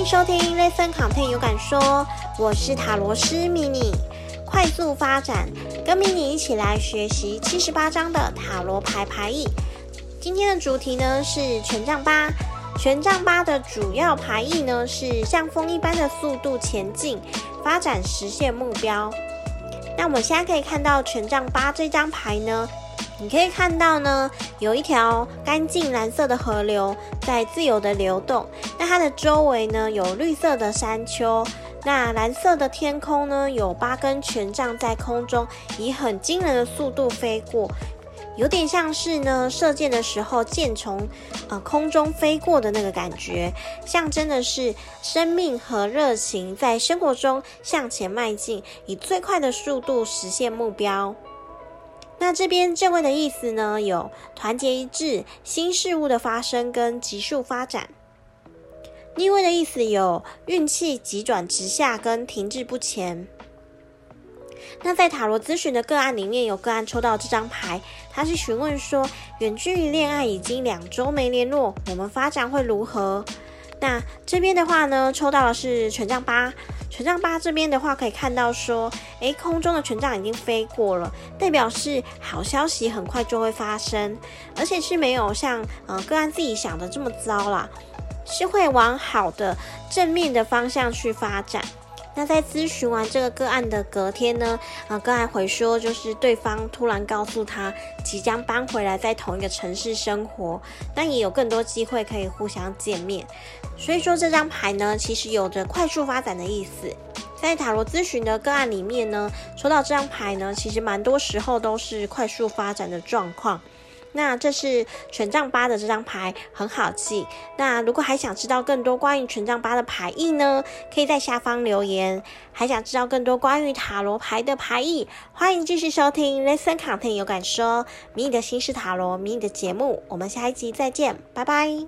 歡迎收聽《ListenContent 有感說》，我是塔羅師 mini，快速發展，跟 mini 一起來學習七十八張的塔羅牌牌意。今天的主題呢是權杖八，權杖八的主要牌意呢是像風一般的速度前進，發展實現目標。那我們現在可以看到權杖八這張牌呢，你可以看到呢，有一條乾淨藍色的河流在自由的流動，那它的周圍呢，有綠色的山丘，那藍色的天空呢，有八根權杖在空中以很驚人的速度飛過。有點像是呢，射箭的時候，箭從呃空中飛過的那個感覺，象徵的是生命和熱情在生活中向前邁進，以最快的速度實現目標。那這邊正位的意思呢，有團結一致、新事物的發生跟急速發展，逆位的意思有運氣急轉直下跟停滯不前。那在塔羅諮詢的個案裡面，有個案抽到這張牌，他是詢問說，遠距離戀愛已經兩周沒聯絡，我們發展會如何？那這邊的話呢，抽到的是權杖八，權杖八這邊的話可以看到說，誒、欸，空中的權杖已經飛過了，代表是好消息很快就會發生，而且是沒有像呃個案自己想的這麼糟啦，是會往好的正面的方向去發展。那在諮詢完這個個案的隔天呢，啊，個案回說就是對方突然告訴他即將搬回來，在同一個城市生活，但也有更多機會可以互相見面。所以說這張牌呢，其實有着快速發展的意思。在塔羅諮詢的個案裡面呢，抽到這張牌呢，其實蠻多時候都是快速發展的狀況。那這是權杖八的這張牌，很好記。那如果還想知道更多關於權杖八的牌意呢，可以在下方留言。還想知道更多關於塔羅牌的牌意，歡迎繼續收聽 Listen Content 有感說迷你的心事塔羅迷你的節目。我們下一集再見，拜拜。